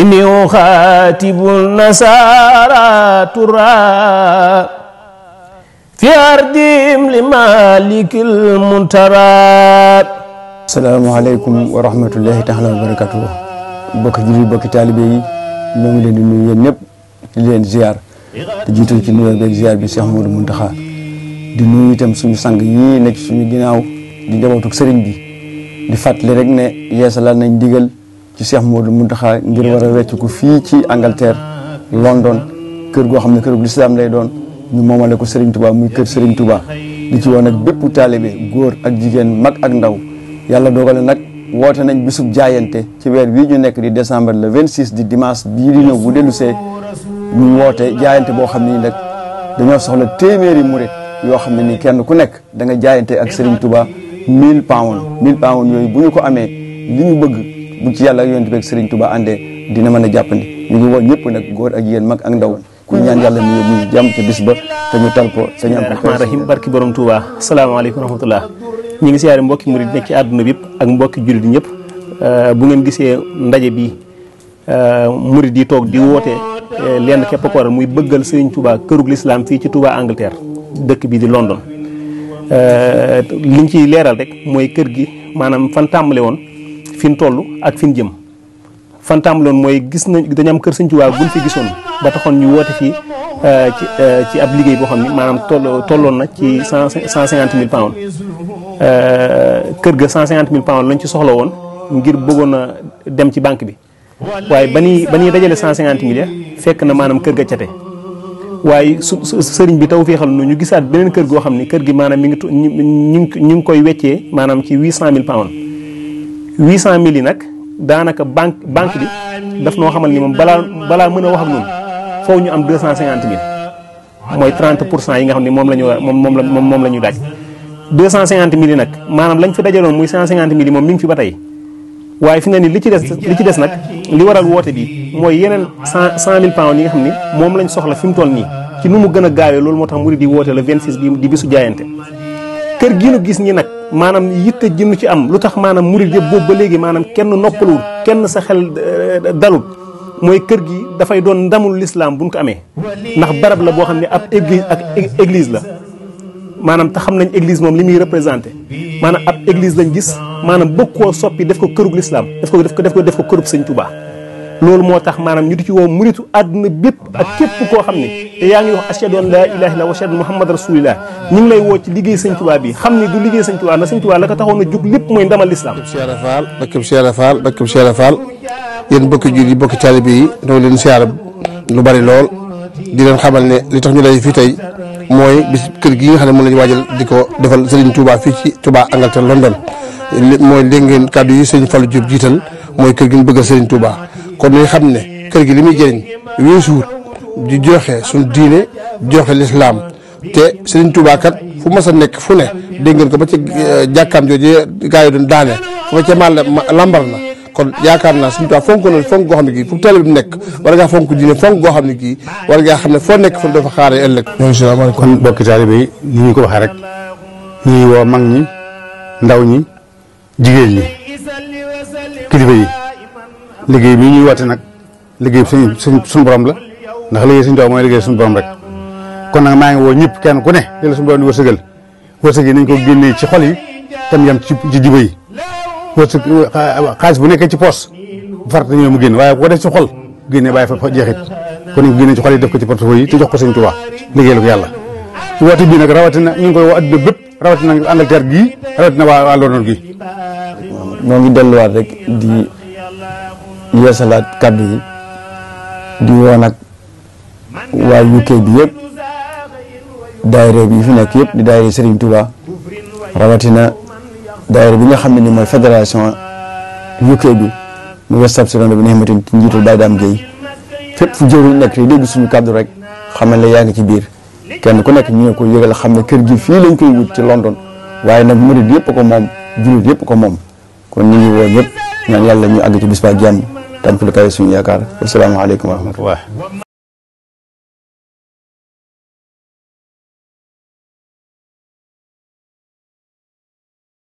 إني أخاتب النصارى ترى في أرضهم لمالك المنترى السلام عليكم ورحمة الله تعالى وبركاته بك جري بك طالبي نوم لين نوي di لين زيار te jiital ci nuyoo beeg ziar bi Cheikh Modou Mountakha di nuyu itam suñu sang yii nekk suñu ginnaaw di njabootu sëriñ bi di fàttali rek ne yeesalaat nañ digal ci Cheikh Modou Mountakha ngir war a wecc ko fii ci Angleterre London kër goo xam ne kër gu lislaam lay doon ñu moomale ko Serigne Touba muy kër Serigne Touba di ci woon nag bépp taalibe góor ak jigéen mag ak ndaw yàlla doogale nag woote nañ bisub jaayante ci weer bii ñu nekk di décembre le 26 di dimanche bii di ñëw bu dellusee ñu woote jaayante boo xam ne nag dañoo soxla téeméeri murit yoo xam ne ni kenn ku nekk da nga jaayante ak Serigne Touba 1000 pounds 1000 pounds ko amee li bëgg. bu ci yàlla ak yonent bi ak Serigne Touba àndee dina mën a jàppandi ñu ngi woon ñëpp nag góor ak yéen mag ak ndaw ku ñaan yàlla ñu yóbbu ñu jàmm ca ba te ñu tal ko sañu am rahmaan rahim borom Touba salaamaaleykum rahmatullah ñu ngi siyaare mbokki murid nekk ci àdduna bi yëpp ak mbokki jullit ñëpp euh, bu ngeen gisee ndaje bi euh, murid yi toog di woote euh, lenn képp ko muy bëggal Serigne Touba kërug lislaam fii ci Touba Angleterre dëkk bi di London liñ ciy leeral rek mooy kër gi maanaam fan tàmbale woon fi ñu toll ak fi ñu jëm fan tàmbaloon mooy gis nañ dañu am kër sëñ Tuubaa guñ fi gisoon ba taxoon ñu woote fii euh, ci euh, ci ab liggéey boo xam ni maanaam tolloon na ci cent cent cinquante mille pounds euh, kër ga cent cinquante mille pounds lañ ci soxla woon ngir bëggoon a dem ci banque bi waaye ba ñuy ba ñuy dajale cent cinquante mille fekk na maanaam kër ga cate waaye su sëriñ bi taw féexal nu ñu gisaat beneen kër goo xam ne kër gi maanaam mi ngi ñu ngi ñu ngi koy weccee maanaam ci huit cent mille pounds huit cent mille yi nag daanaka banque banque bi daf noo xamal ni moom balaa balaa mën a wax ak noonu foofu ñu am deux cent cinquante mille mooy 30 pour cent yi nga xam ne moom la ñu moom moom la moom la ñu daaj deux cent cinquante mille lañ fi dajaloon muy cent cinquante mille yi li ci des li ci des nag li waral woote bi mooy yeneen cent cent mille lañ soxla fi mu toll nii ci nu mu gën a gaawee loolu moo tax murid di woote le 26 bi di bisu jaayante kër gi nu gis ñi nag maanaam yitte jënnu ci am lu tax maanaam murit yëpp boobu ba léegi maanaam kenn noppaluwul kenn sa xel eh, dalul mooy kër gi dafay doon ndamul lislaam buñ ko amee ndax barab la boo xam ne ab église ak église la maanaam te xam nañ église moom li muy représenté maanaam ab église lañ gis maanaam bëgg koo soppi def ko kërug lislaam def ko def ko def ko def ko kërug sëñ loolu moo tax maanaam ñu di ci woo muritu àdduna bépp ak képp koo xam ne te yaa ngi wax ashhadu an laa ilaaha illallaah wa ashhadu muhammad rasulillah ñu ngi lay woo ci liggéey sëñ tubaab bi xam ne du liggéey sëñ Tuubaa na sëñ Tuubaa la ko a jug lépp mooy ndamal lislaam siyaara faal bakkib siyaara faal bakkib siyaara faal yéen bokki jur yi bokki taalibe yi doo leen siyaara lu bari lool di leen xamal ne li tax ñu lay fii tey mooy bis kër gii xam ne moom la ñu waajal di ko defal Serigne Touba fii ci tubaa Touba Angleterre London mooy dégg ngeen kàddu yi Serigne Fallou Diop jiital mooy kër gi mu bëggal Serigne Touba kon ñu xam ne kër gi li muy jëriñ weesuwut di joxe suñu diine joxe lislaam te Sëriñ Tuubaa kat fu mas a nekk fu ne dégg ngeen ko ba ci eh, jàkkaam jooju gaa yi doon daane fu ba ca ma lambar na kon yaakaar naa Sëriñ Tuubaa fonk na fonk goo xam ne gii fu teel bi nekk war ngaa fonk diine fonk goo xam ne gii war ngaa xam ne foo nekk fa dafa xaaree ëllëg. ñooñu kon bokki taalibe yi ni ñu ko waxee rek ñu ngi woo mag ñi ndaw ñi jigéen ñi kilifa yi. liggéey bi ñuy woote nag liggéey suñ suñ borom la ndax liggéey suñu doom mooy liggéey suñu borom rek kon nag maa ngi woo ñëpp kenn ku ne li la suñu borom di wërsëgal wërsëg yi nañ ko génnee ci xol yi tam yam ci ci jiba ci poos farata ñoo mu génn waaye ko def ci xol ko génne ci xol yi def ko ci portefeuille yi te jox ko sëñ Tuubaa liggéeyal ko yàlla ci woote bii nag rawatina ñu ngi koy woo adduna bépp rawatina Angleterre gii rawatina waa waa London gii noo ngi yeesalaat kàddu yi di woo nag waa UK bi yëpp daayira bi fi nekk yëpp di daayira Serigne Touba rawatina daayira bi nga xam ne ni mooy fédération UK bi mu West Absalon bi nga xamante ni ci njiitul Baye Dame Gueye fépp nekk suñu kàddu rek xamal la yaa ngi ci biir kenn ku nekk ñu ne ko yëgal xam ne kër gi fii lañ koy wut ci London waaye nag murid yëpp ko moom jullit yëpp ko moom kon ñu ngi woo ñëpp ñaan yàlla ñu àgg ci bis ba te am fu la kawe suñu yaakaar asalaamaaleykum wa